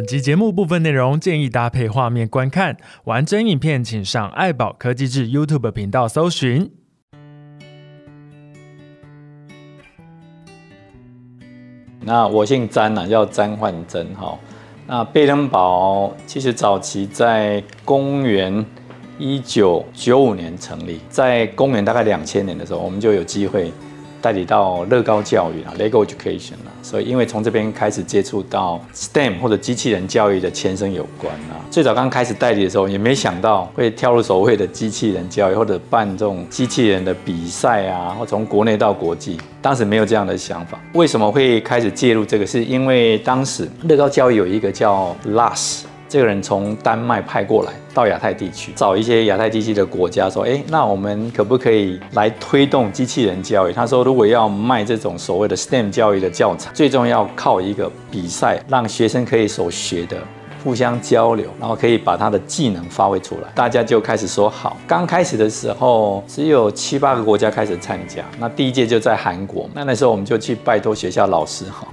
本集節目部分內容建議搭配畫面觀看，完整影片請上艾葆科技誌 YouTube 頻道搜尋。那我姓詹吶、啊，叫詹煥楨。哈。那貝登堡其實早期在公元一九九五年成立，在公元大概兩千年的時候，我們就有機會。代理到樂高教育啊，LEGO Education 所以因為從這邊開始接觸到 STEM 或者機器人教育的前身有關啊。最早剛開始代理的時候，也沒想到會跳入所謂的機器人教育，或者辦這種機器人的比賽啊，或從國內到國際，當時沒有這樣的想法。為什麼會開始介入這個？是因為當時樂高教育有一個叫 LUS。這個人從丹麥派過來，到亞太地區找一些亞太地區的國家，說：“哎，那我們可不可以來推動機器人教育？”他說：“如果要賣這種所謂的 STEM 教育的教材，最重要靠一個比賽，讓學生可以所學的互相交流，然後可以把他的技能發揮出來。”大家就開始說好。剛開始的時候，只有七八個國家開始參加。那第一屆就在韓國。那那時候我們就去拜托學校老師好。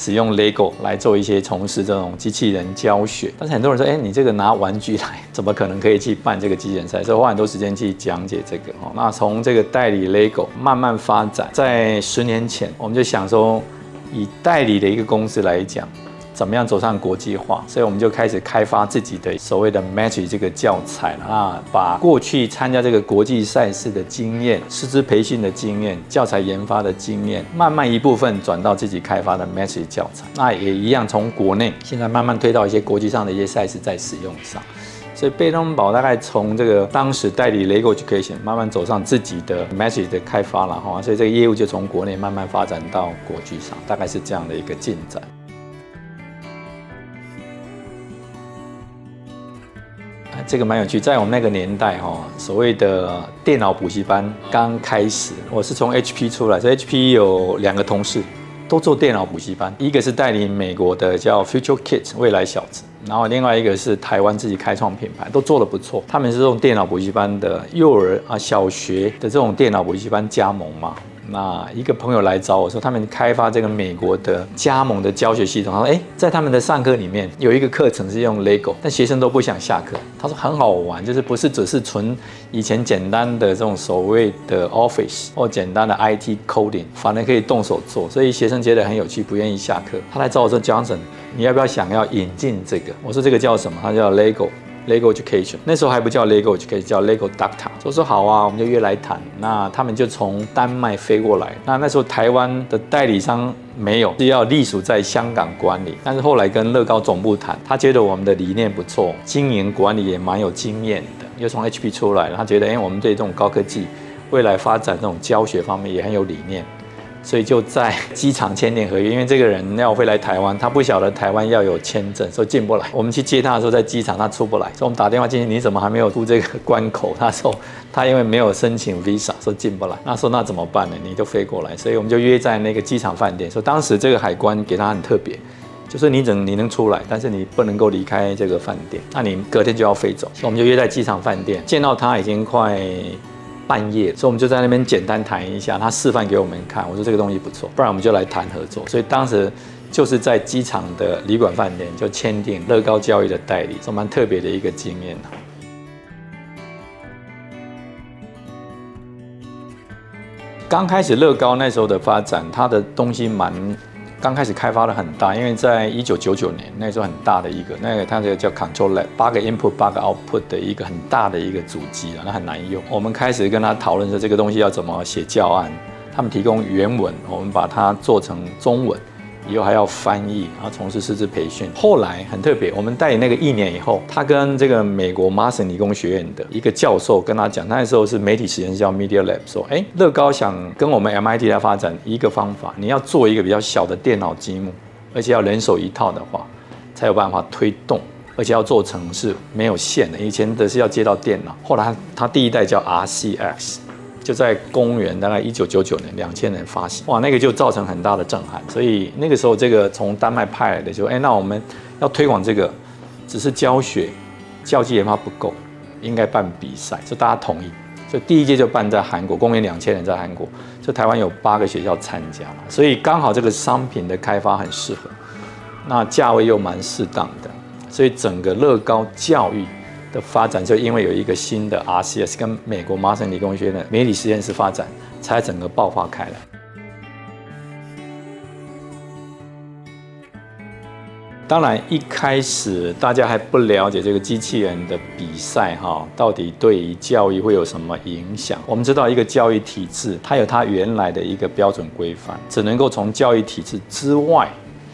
使用 Lego 來做一些從事這種機器人教學，但是很多人說，哎，你這個拿玩具來，怎麼可能可以去辦這個機器人賽？所以我花很多時間去講解這個。哦，那從這個代理 Lego 慢慢發展，在十年前，我們就想說，以代理的一個公司來講，怎麼樣走上國際化？所以我們就開始開發自己的所謂的 Matrix 這個教材。那把過去參加這個國際賽事的經驗、師資培訓的經驗、教材研發的經驗，慢慢一部分轉到自己開發的 Matrix 教材。那也一樣，從國內現在慢慢推到一些國際上的一些賽事在使用上。所以貝登堡大概從這個當時代理 LEGO Education，慢慢走上自己的 Matrix 的開發了哈。所以這個業務就從國內慢慢發展到國際上，大概是這樣的一個進展。這個蠻有趣，在我們那個年代，哦，所謂的電腦補習班剛開始，我是從 HP 出來，所以 HP 有兩個同事都做電腦補習班，一個是代理美國的叫 Future Kids 未來小子，然後另外一個是台灣自己開創品牌，都做得不錯。他們是這種電腦補習班的幼兒啊、小學的這種電腦補習班加盟嘛。那一個朋友來找我說，他們開發這個美國的加盟的教學系統。他說：“哎，在他們的上課裡面，有一個課程是用 Lego，但學生都不想下課。他說很好玩，就是不是只是純以前簡單的這種所謂的 Office 或簡單的 IT coding，反而可以動手做，所以學生覺得很有趣，不願意下課。他來找我說，Johnson，你要不要想要引進這個？我說這個叫什麼？他叫 Lego。” LEGO Education 那時候還不叫 LEGO Education，叫 LEGO Dacta。就說好啊，我們就約來談。那他們就從丹麥飛過來。那那時候台灣的代理商沒有，是要隸屬在香港管理。但是後來跟樂高總部談，他覺得我們的理念不錯，經營管理也蠻有經驗的。又從 HP 出來，他覺得哎、欸，我們對這種高科技未來發展這種教學方面也很有理念。所以就在機場簽訂合約，因為這個人要飛來台灣，他不曉得台灣要有簽證，所以進不來。我們去接他的時候在，在機場他出不來，所以我們打電話進去，你怎麼還沒有出這個關口？他說他因為沒有申請 visa，說進不來。他說那怎麼辦呢？你就飛過來。所以我們就約在那個機場飯店。說當時這個海關給他很特別，就是你只能你能出來，但是你不能夠離開這個飯店，那你隔天就要飛走。所以我們就約在機場飯店見到他已經快。半夜，所以我們就在那邊簡單談一下，他示範給我們看。我說這個東西不錯，不然我們就來談合作。所以當時就是在機場的旅館飯店就簽訂樂高教育的代理，這蠻特別的一個經驗。剛開始樂高那時候的發展，它的東西蠻。剛開始開發的很大，因為在一九九九年，那時候很大的一個，那個它這個叫 Control Lab，八個 Input、八個 Output 的一個很大的一個主機啊，那很難用。我們開始跟他討論說，這個東西要怎麼寫教案，他們提供原文，我們把它做成中文。以後還要翻譯，然後從事師資培訓。後來很特別，我們代理那個一年以後，他跟這個美國麻省理工學院的一個教授跟他講，那時候是媒體實驗室叫 Media Lab，說，哎，樂高想跟我們 MIT 來發展一個方法，你要做一個比較小的電腦積木，而且要人手一套的話，才有辦法推動，而且要做成是沒有線的，以前的是要接到電腦。後來他，他第一代叫 RCX。就在公元大概一九九九年，兩千年發行。哇，那個就造成很大的震撼。所以那個時候，這個從丹麥派來的就，哎、欸，那我們要推廣這個，只是教學、教具研發不夠，應該辦比賽，就大家同意，就第一屆就辦在韓國，公元兩千年，在韓國，就台灣有八個學校參加，所以剛好這個商品的開發很適合，那價位又蠻適當的，所以整個樂高教育的發展就因為有一個新的 RCS 跟美國麻省理工學院的媒體實驗室發展，才整個爆發開來。當然，一開始大家還不了解這個機器人的比賽哈，到底對於教育會有什麼影響？我們知道，一個教育體制它有它原來的一個標準規範，只能夠從教育體制之外。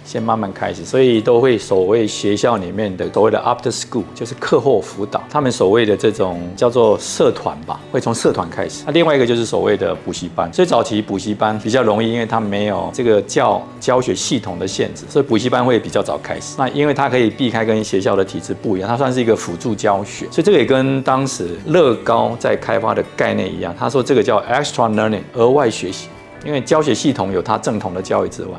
先慢慢開始，所以都會所謂學校裡面的所謂的 after school 就是課後輔導，他們所謂的這種叫做社團吧，會從社團開始。那另外一個就是所謂的補習班，所以早期補習班比較容易，因為它沒有這個叫教學系統的限制，所以補習班會比較早開始。那因為它可以避開跟學校的體制不一樣，它算是一個輔助教學，所以這個也跟當時樂高在開發的概念一樣，他說這個叫 extra learning 額外學習，因為教學系統有它正統的教育之外。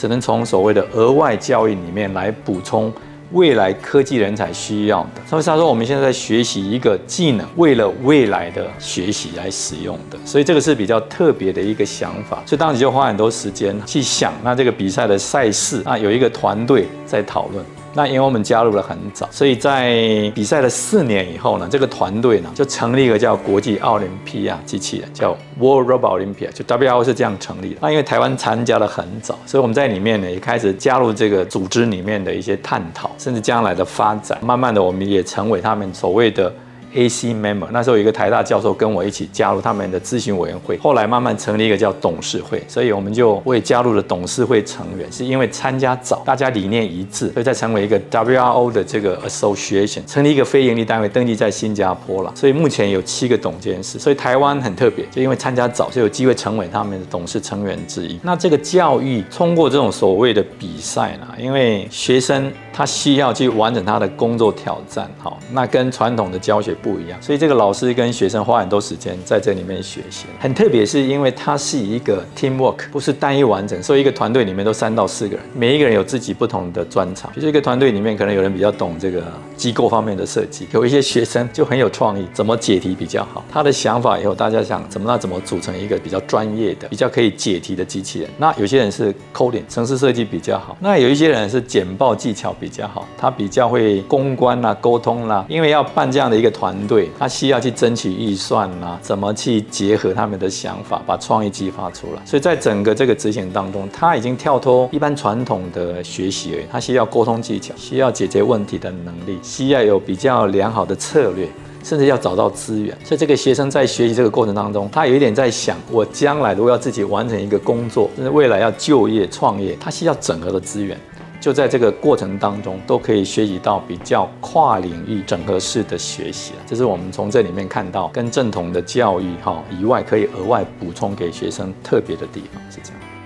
只能從所謂的額外教育裡面來補充未來科技人才需要的。所以他說，我們現在在學習一個技能，為了未來的學習來使用的。所以這個是比較特別的一個想法。所以當時就花很多時間去想，那這個比賽的賽事，啊，有一個團隊在討論。那因為我們加入了很早，所以在比賽了四年以後呢，這個團隊呢就成立一個叫國際奧林匹亞機器人，叫 World Robot Olympiad 就 WRO 是這樣成立的。那因為台灣參加的很早，所以我們在裡面呢也開始加入這個組織裡面的一些探討，甚至將來的發展。慢慢的，我們也成為他們所謂的。A.C. AC member 那時候有一個台大教授跟我一起加入他們的諮詢委員會，後來慢慢成立一個叫董事會，所以我們就為加入了董事會成員，是因為參加早，大家理念一致，所以再成為一個 WRO 的這個 Association，成立一個非盈利單位，登記在新加坡了。所以目前有七個董監事。所以台灣很特別，就因為參加早，就有機會成為他們的董事成員之一。那這個教育通過這種所謂的比賽呢？因為學生。他需要去完成他的工作挑戰，好，那跟傳統的教學不一樣，所以這個老師跟學生花很多時間在這裡面學習。很特別，是因為他是一個 team work，不是單一完整，所以一個團隊裡面都三到四個人，每一個人有自己不同的專長。其實一個團隊裡面可能有人比較懂這個機構方面的設計，有一些學生就很有創意，怎麼解題比較好，他的想法以後大家想怎麼那怎麼組成一個比較專業的、比較可以解題的機器人。那有些人是 coding，程式設計比較好，那有一些人是簡報技巧。比較好，他比較會公關啦、啊、溝通啦、啊，因為要辦這樣的一個團隊，他需要去爭取預算啦、啊，怎麼去結合他們的想法，把創意激發出來。所以在整個這個執行當中，他已經跳脫一般傳統的學習而已，他需要溝通技巧，需要解決問題的能力，需要有比較良好的策略，甚至要找到資源。所以這個學生在學習這個過程當中，他有一點在想：我將來如果要自己完成一個工作，甚至未來要就業、創業，他需要整合的資源。就在這個過程當中，都可以學習到比較跨領域整合式的學習了。這是我們從這裡面看到，跟正統的教育哈以外，可以額外補充給學生特別的地方是這樣。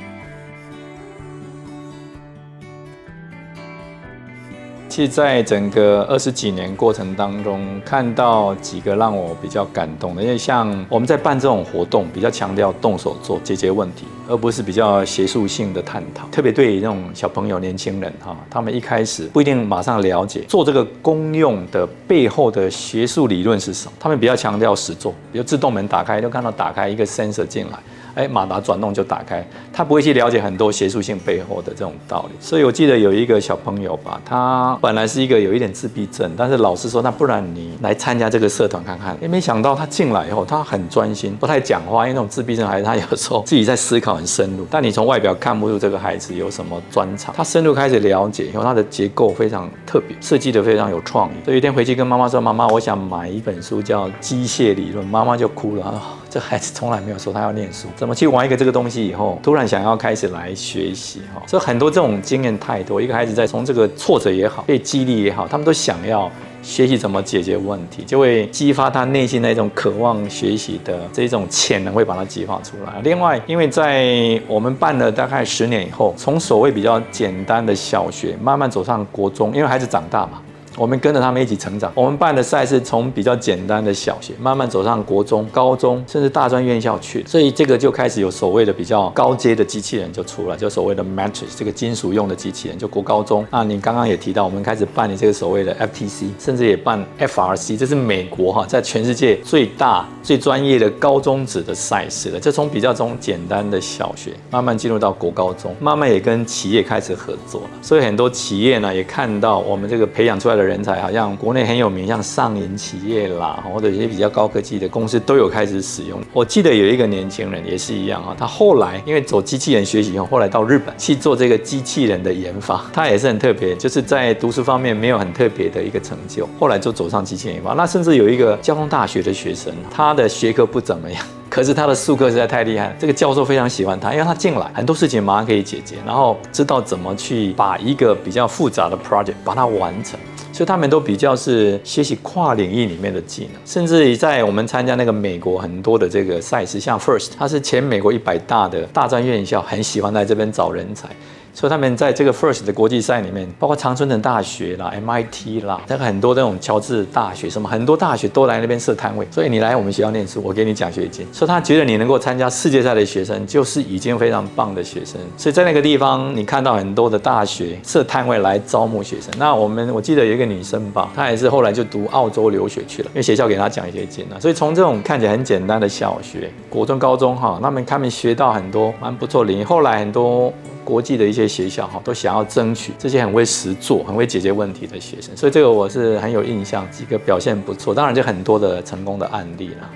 其實在整個二十幾年過程當中，看到幾個讓我比較感動的，因為像我們在辦這種活動，比較強調動手做，解決問題，而不是比較學術性的探討。特別對於這種小朋友、年輕人哈，他們一開始不一定馬上了解做這個功用的背後的學術理論是什麼，他們比較強調實做，比如自動門打開就看到打開一個 sensor 進來。哎、欸，馬達轉動就打開，他不會去了解很多學術性背後的這種道理。所以我記得有一個小朋友吧，他本來是一個有一點自閉症，但是老師說，那不然你來參加這個社團看看。欸，沒想到他進來以後，他很專心，不太講話，因為那種自閉症孩子，他有時候自己在思考很深入，但你從外表看不出這個孩子有什麼專長。他深入開始了解以後，他的結構非常特別，設計的非常有創意。有一天回去跟媽媽說：“媽媽，我想買一本書叫《機械理論》。”媽媽就哭了。這孩子從來沒有說他要念書，怎麼去玩一個這個東西以後，突然想要開始來學習哈，哦，所以很多這種經驗太多，一個孩子在從這個挫折也好，被激勵也好，他們都想要學習怎麼解決問題，就會激發他內心的一種渴望學習的這種潛能，會把它激發出來。另外，因為在我們辦了大概十年以後，從所謂比較簡單的小學，慢慢走上國中，因為孩子長大嘛。我們跟着他們一起成長，我們辦的賽事從比較簡單的小學，慢慢走上國中、高中，甚至大專院校去，所以這個就開始有所謂的比較高階的機器人就出來，就所謂的 Matrix 這個金屬用的機器人就國高中。那你剛剛也提到，我們開始辦理這個所謂的 FTC，甚至也辦 FRC，這是美國哈、啊，在全世界最大、最專業的高中子的賽事了。這從比較從簡單的小學，慢慢進入到國高中，慢慢也跟企業開始合作，所以很多企業呢也看到我們這個培養出來的。人才好像國內很有名，像上銀企業啦，或者一些比較高科技的公司都有開始使用。我記得有一個年輕人也是一樣啊，他後來因為走機器人學習，以後後來到日本去做這個機器人的研發。他也是很特別，就是在讀書方面沒有很特別的一個成就，後來就走上機器人研發。那甚至有一個交通大學的學生，他的學科不怎麼樣，可是他的術科實在太厲害，這個教授非常喜歡他，因為他進來，很多事情馬上可以解決，然後知道怎麼去把一個比較複雜的 project 把它完成。所以他們都比較是學習跨領域裡面的技能，甚至於在我們參加那個美國很多的這個賽事，像 FIRST，它是前美國一百大的大專院校，很喜歡來這邊找人才。所以他們在這個 First 的國際賽裡面，包括常春藤大學啦、MIT 啦，他、那個、很多這種喬治大學什麼，很多大學都來那邊設攤位。所以你來我們學校唸書，我給你獎學金。所以他覺得你能夠參加世界賽的學生，就是已經非常棒的學生。所以在那個地方，你看到很多的大學設攤位來招募學生。那我們我記得有一個女生吧，她也是後來就讀澳洲留學去了，因為學校給她獎學金了、啊。所以從這種看起來很簡單的小學、國中、高中哈，他們他們學到很多蠻不錯領域。後來很多。國際的一些學校哈，都想要爭取這些很會實作、很會解決問題的學生，所以這個我是很有印象，幾個表現不錯，當然就很多的成功的案例啦。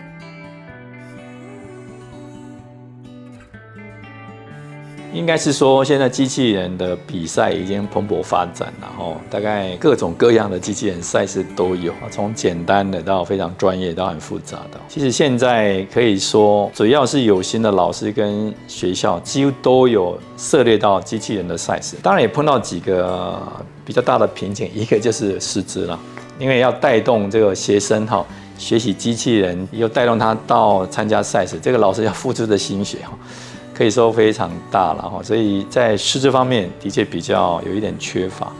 應該是說，現在機器人的比賽已經蓬勃發展，然後大概各種各樣的機器人賽事都有，從簡單的到非常專業，到很複雜的。其實現在可以說，只要是有心的老師跟學校幾乎都有涉獵到機器人的賽事。當然也碰到幾個比較大的瓶頸，一個就是師資了，因為要帶動這個學生哈、哦，學習機器人，又帶動他到參加賽事，這個老師要付出的心血哈。可以說非常大了哈，所以在師資方面的確比較有一點缺乏。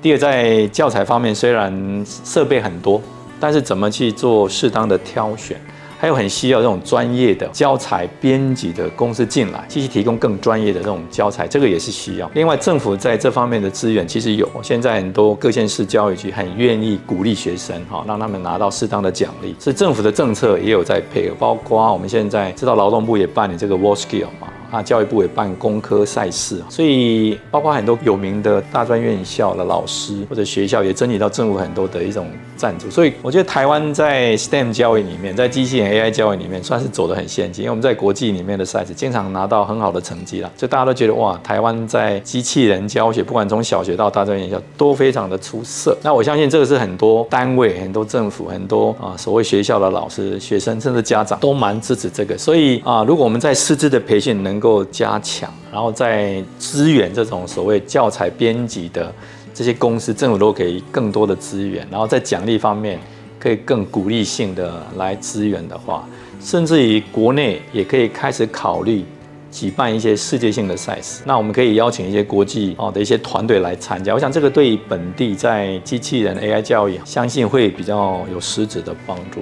第二，在教材方面，雖然設備很多，但是怎麼去做適當的挑選，還有很需要這種專業的教材編輯的公司進來，繼續提供更專業的這種教材，這個也是需要。另外，政府在這方面的資源其實有，現在很多各縣市教育局很願意鼓勵學生哈，讓他們拿到適當的獎勵，所以政府的政策也有在配合，包括我們現在知道勞動部也辦理這個 WorldSkills 嘛？啊，他教育部也辦工科賽事，所以包括很多有名的大專院校的老師或者學校，也爭取到政府很多的一種贊助，所以我覺得台灣在 STEM 教育裡面，在機器人 AI 教育裡面算是走得很先進，因為我們在國際裡面的賽事經常拿到很好的成績啦，所以大家都覺得哇，台灣在機器人教學，不管從小學到大專院校都非常的出色。那我相信這個是很多單位、很多政府、很多啊、呃、所謂學校的老師、學生，甚至家長都蠻支持這個。所以啊、呃，如果我們在師資的培訓能夠加強，然後在支援這種所謂教材編輯的。這些公司、政府如果給更多的資源，然後在獎勵方面可以更鼓勵性的來支援的話，甚至於國內也可以開始考慮舉辦一些世界性的賽事。那我們可以邀請一些國際哦的一些團隊來參加。我想這個對於本地在機器人 AI 教育，相信會比較有實質的幫助。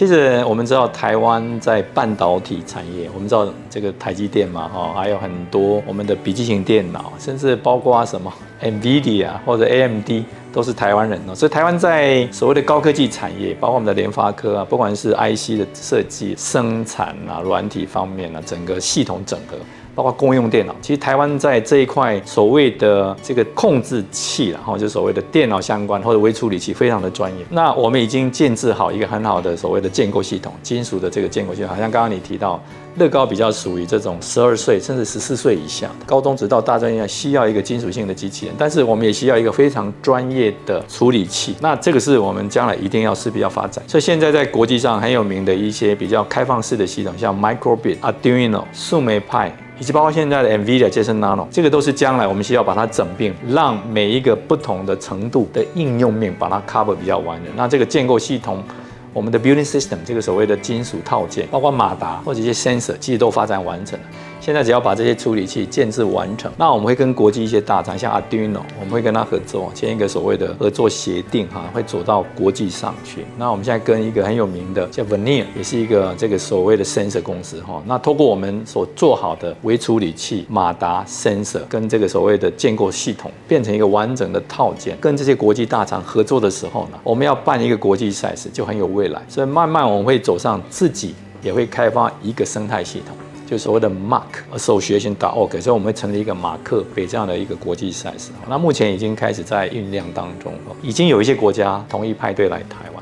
其實我們知道台灣在半導體產業，我們知道這個台積電嘛，哈，還有很多我們的筆記型電腦，甚至包括什麼 NVIDIA 或者 AMD 都是台灣人哦。所以台灣在所謂的高科技產業，包括我們的聯發科啊，不管是 IC 的設計、生產啊、軟體方面啊，整個系統整合。包括公用電腦，其實台灣在這一塊所謂的這個控制器啦，然後就所謂的電腦相關或者微處理器非常的專業。那我們已經建置好一個很好的所謂的建構系統，金屬的這個建構系統，好像剛剛你提到。樂高比較屬於這種十二歲甚至十四歲以下，高中直到大專院校需要一個金屬性的機器人，但是我們也需要一個非常專業的處理器。那這個是我們將來一定要勢必要發展。所以現在在國際上很有名的一些比較開放式的系統，像 Microbit、Arduino、樹莓派，以及包括現在的 Nvidia Jetson Nano，這個都是將來我們需要把它整併，讓每一個不同的程度的應用面把它 cover 比較完整。那這個建構系統。我們的 building system 這個所謂的金屬套件，包括馬達或者一些 sensor，其實都發展完成了。現在只要把這些處理器建置完成，那我們會跟國際一些大廠，像 Arduino，我們會跟他合作，簽一個所謂的合作協定哈，會走到國際上去。那我們現在跟一個很有名的叫 Vernier，也是一個這個所謂的 sensor 公司哈。那透過我們所做好的微處理器、馬達、sensor 跟這個所謂的建構系統，變成一個完整的套件。跟這些國際大廠合作的時候呢，我們要辦一個國際賽事，就很有未來。所以慢慢我們會走上自己也會開發一個生態系統。就所謂的 m 馬克手學型打 ok。所以我們會成立一個馬克杯這樣的一個國際賽事。那目前已經開始在醞釀當中，已經有一些國家同意派隊來台灣。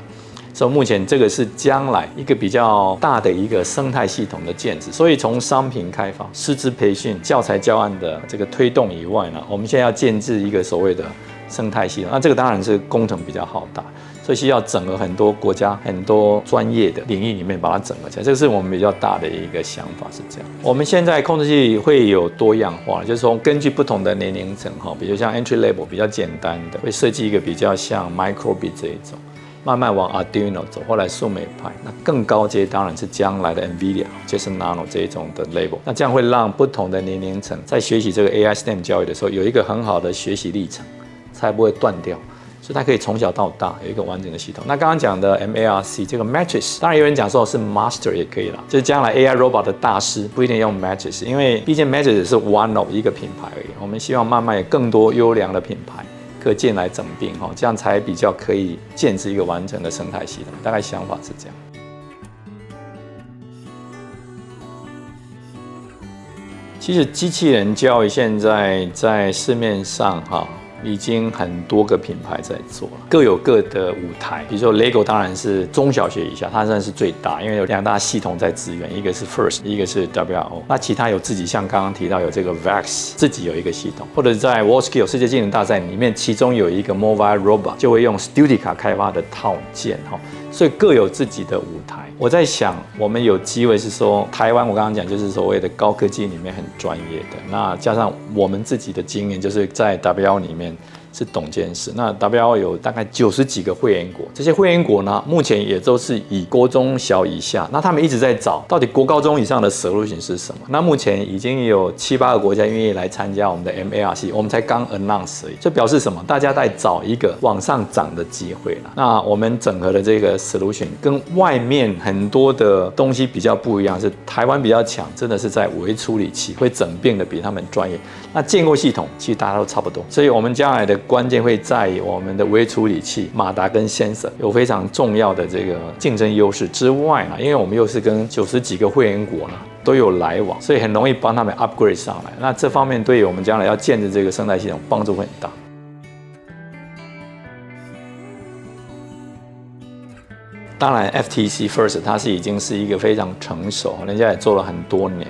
所以目前這個是將來一個比較大的一個生態系統的建置。所以從商品開發、師資培訓、教材教案的這個推動以外呢，我們現在要建置一個所謂的生態系統。那這個當然是工程比較浩大。這需要整合很多國家、很多專業的領域裡面把它整合起來，這個是我們比較大的一個想法是這樣。我們現在控制器會有多樣化，就是說根據不同的年齡層，哈，比如像 entry level 比較簡單的，會設計一個比較像 microbit 這一種，慢慢往 Arduino 走，後來樹莓派，那更高階當然是將來的 Nvidia 就是 nano 這一種的 level，那這樣會讓不同的年齡層在學習這個 AI STEM 教育的時候有一個很好的學習歷程，才不會斷掉。就它可以從小到大有一個完整的系統。那剛剛講的 M A R C 這個 matrix，當然有人講說是 master 也可以啦，就是將來 AI robot 的大師不一定用 matrix，因為畢竟 matrix 是 one of 一個品牌而已。我們希望慢慢有更多優良的品牌可以進來整併哈，這樣才比較可以建設一個完整的生態系統。大概想法是這樣。其實機器人教育現在在市面上哈，已經很多個品牌在做了，各有各的舞台。比如說 Lego 當然是中小學以下，它算是最大，因為有兩大系統在支援，一個是 First，一個是 WRO。那其他有自己，像剛剛提到有這個 VEX，自己有一個系統，或者在 WorldSkills 世界技能大賽裡面，其中有一個 Mobile Robot 就會用 Studica 開發的套件哈。所以各有自己的舞台。我在想，我們有機會是說，台灣我剛剛講就是所謂的高科技裡面很專業的，那加上我們自己的經驗，就是在 W L 裡面。是董監事。那 W、L、有大概九十幾個會員國，這些會員國呢，目前也都是以國中小以下。那他們一直在找，到底國高中以上的 solution 是什麼？那目前已經有七八個國家願意來參加我們的 MARC，我們才剛 announce 而已。這表示什麼？大家在找一個往上漲的機會了。那我們整合的這個 solution 跟外面很多的東西比較不一樣，是台灣比較強，真的是在微處理器會整變得比他們專業。那建構系統其實大家都差不多，所以我們將來的。關鍵會在於我們的微處理器、馬達跟線繩有非常重要的這個競爭優勢之外呢，因為我們又是跟九十幾個會員國呢都有來往，所以很容易幫他們 upgrade 上來。那這方面對於我們將來要建立這個生態系統幫助會很大。當然 FTC First 它，是已經是一個非常成熟，人家也做了很多年。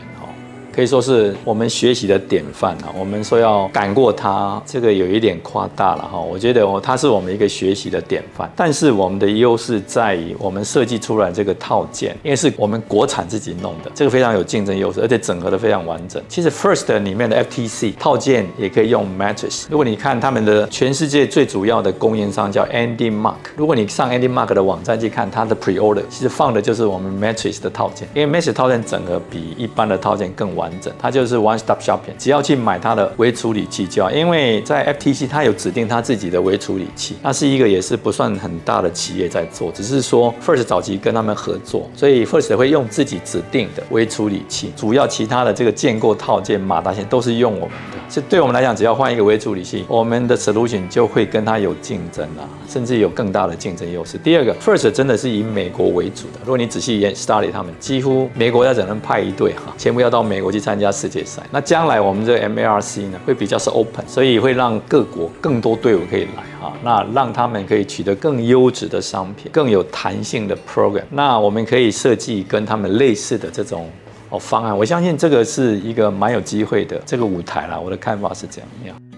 可以說是我們學習的典範啊，我們說要趕過它，這個有一點誇大了哈。我覺得哦，它是我們一個學習的典範，但是我們的優勢在於我們設計出來這個套件，因為是我們國產自己弄的，這個非常有競爭優勢，而且整合的非常完整。其實 First 裡面的 FTC 套件也可以用 Matrix。如果你看他們的全世界最主要的供應商叫 Andy Mark，如果你上 Andy Mark 的網站去看它的 pre-order，其實放的就是我們 Matrix 的套件，因為 Matrix 套件整合比一般的套件更。完整，它就是 one stop shopping，只要去買它的微處理器就好。因為在 FTC，它有指定它自己的微處理器，它是一個也是不算很大的企業在做，只是說 First 早期跟他們合作，所以 First 會用自己指定的微處理器，主要其他的這個建構套件、馬達線都是用我們的。這對我們來講，只要換一個微處理器，我們的 solution 就會跟它有競爭了，啊，甚至有更大的競爭優勢。第二個，First 真的是以美國為主的。如果你仔細研 study 他們，幾乎美國要只能派一隊哈，全部要到美國。我去參加世界賽，那將來我們這個 MARC 呢，會比較是 open，所以會讓各國更多隊伍可以來哈，那讓他們可以取得更優質的商品，更有彈性的 program，那我們可以設計跟他們類似的這種哦方案，我相信這個是一個蠻有機會的這個舞台啦，我的看法是這樣。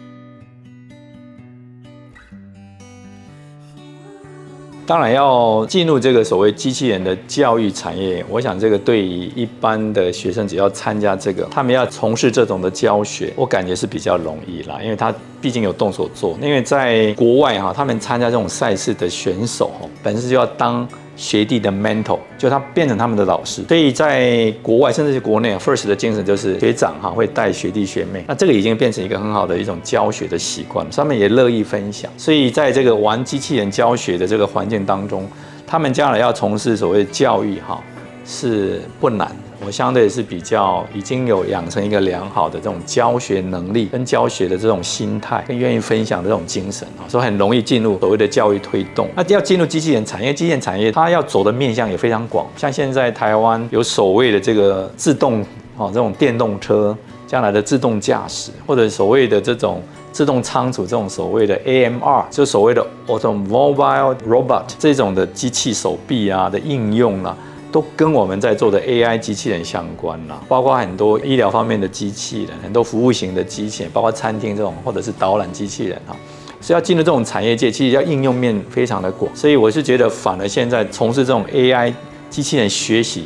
當然要進入這個所謂機器人的教育產業，我想這個對於一般的學生只要參加這個，他們要從事這種的教學，我感覺是比較容易啦，因為他畢竟有動手做。因為在國外哈，他們參加這種賽事的選手哈，本身就要當。學弟的 mentor 就他變成他們的老師，所以在國外，甚至是國內 first 的精神就是學長哈會帶學弟學妹，那這個已經變成一個很好的一種教學的習慣，上面也樂意分享，所以在這個玩機器人教學的這個環境當中，他們將來要從事所謂教育哈是不難。我相對也是比較已經有養成一個良好的這種教學能力，跟教學的這種心態，跟願意分享這種精神啊、哦，所以很容易進入所謂的教育推動。那要進入機器人產業、機器人產業，它要走的面向也非常廣。像現在台灣有所謂的這個自動，哦這種電動車，將來的自動駕駛，或者所謂的這種自動倉儲，這種所謂的 AMR，就所謂的這種 Automobile Robot 這種的機器手臂啊的應用啊。都跟我們在做的 AI 機器人相關了、啊，包括很多醫療方面的機器人，很多服務型的機器人，包括餐廳這種，或者是導覽機器人哈、啊，所以要進入這種產業界，其實要應用面非常的廣。所以我是覺得，反而現在從事這種 AI 機器人學習，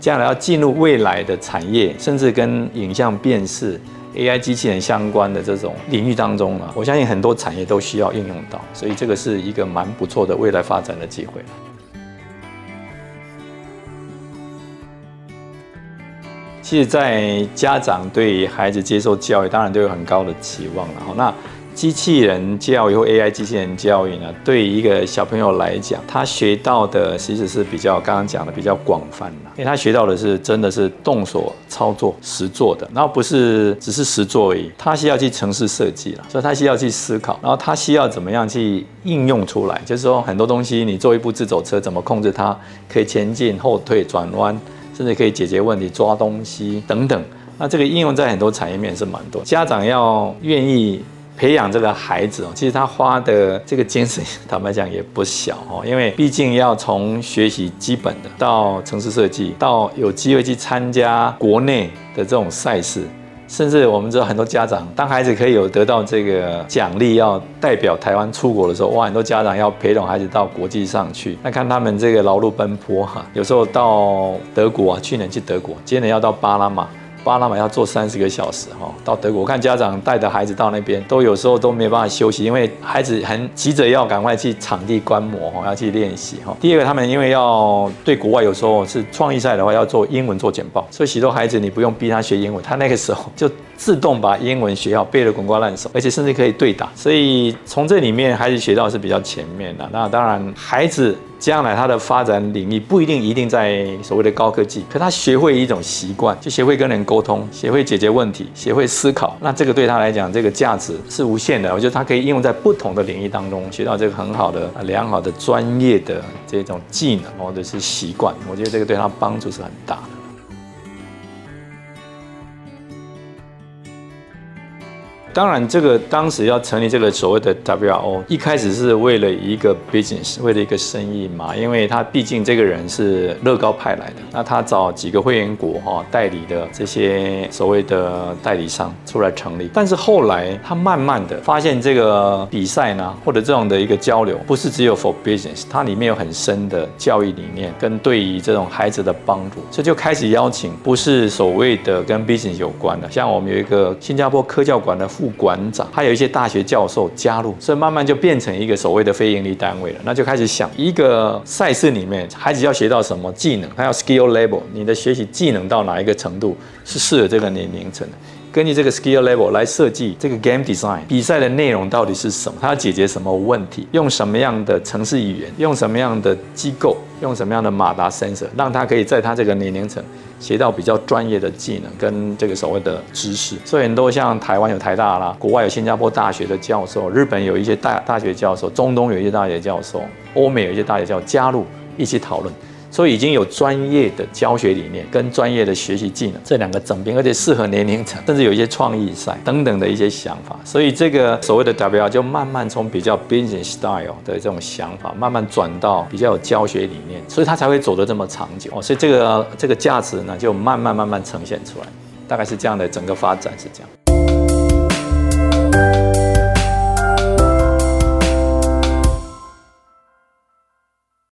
將來要進入未來的產業，甚至跟影像辨識、AI 機器人相關的這種領域當中呢、啊，我相信很多產業都需要應用到，所以這個是一個蠻不錯的未來發展的機會。其實，在家長對孩子接受教育，當然都有很高的期望了。那機器人教育或 AI 機器人教育呢，對於一個小朋友來講，他學到的其實是比較剛剛講的比較廣泛，因為他學到的是真的是動手操作實做的，然後不是只是實做而已，他需要去程式設計，所以他需要去思考，然後他需要怎麼樣去應用出來，就是說很多東西，你做一部自走車，怎麼控制它可以前進、後退、轉彎、轉彎？甚至可以解決問題、抓東西等等。那這個應用在很多產業面是蠻多。家長要願意培養這個孩子哦，其實他花的這個精神，坦白講也不小哦，因為畢竟要從學習基本的到程式設計，到有機會去參加國內的這種賽事。甚至我們知道很多家長，當孩子可以有得到這個獎勵，要代表台灣出國的時候，哇！很多家長要陪同孩子到國際上去，那看他們這個勞碌奔波哈、啊，有時候到德國啊，去年去德國，今年要到巴拿馬。巴拿馬要坐三十個小時哈，到德國我看家長帶着孩子到那邊都有時候都沒辦法休息，因為孩子很急着要趕快去場地觀摩哈，要去練習哈。第二個他們因為要對國外，有時候是創意賽的話，要做英文做簡報，所以許多孩子你不用逼他學英文，他那個時候就。自動把英文學好，背得滾瓜爛熟，而且甚至可以對打，所以從這裡面孩子學到的是比較全面的啊。那當然，孩子將來他的發展領域不一定一定在所謂的高科技，可他學會一種習慣，就學會跟人溝通，學會解決問題，學會思考，那這個對他來講，這個價值是無限的。我覺得他可以應用在不同的領域當中，學到這個很好的、良好的專業的這種技能或者是習慣，我覺得這個對他幫助是很大的。當然，這個當時要成立這個所謂的 WRO，一開始是為了一個 business，為了一個生意嘛，因為他畢竟這個人是樂高派來的，那他找幾個會員國哈、哦、代理的這些所謂的代理商出來成立。但是後來他慢慢的發現這個比賽呢，或者這種的一個交流，不是只有 for business，它裡面有很深的教育理念跟對於這種孩子的幫助，這就開始邀請不是所謂的跟 business 有關的，像我們有一個新加坡科教館的。副館長，還有一些大學教授加入，所以慢慢就變成一個所謂的非營利單位了。那就開始想一個賽事裡面，孩子要學到什麼技能，他要 skill level，你的學習技能到哪一個程度是適合這個年齡層的。根據這個 skill level 來設計這個 game design，比賽的內容到底是什麼？它要解決什麼問題？用什麼樣的程式語言？用什麼樣的機構？用什麼樣的馬達 sensor？讓它可以在它這個年齡層學到比較專業的技能跟這個所謂的知識。所以很多像台灣有台大啦，國外有新加坡大學的教授，日本有一些大大學教授，中東有一些大學教授，歐美有一些大學教授加入一起討論。所以已經有專業的教學理念跟專業的學習技能這兩個整併，而且適合年齡層，甚至有一些創意賽等等的一些想法。所以這個所謂的 W R 就慢慢從比較 business style 的這種想法，慢慢轉到比較有教學理念，所以它才會走得這麼長久。哦，所以這個這個價值呢，就慢慢慢慢呈現出來，大概是這樣的，整個發展是這樣。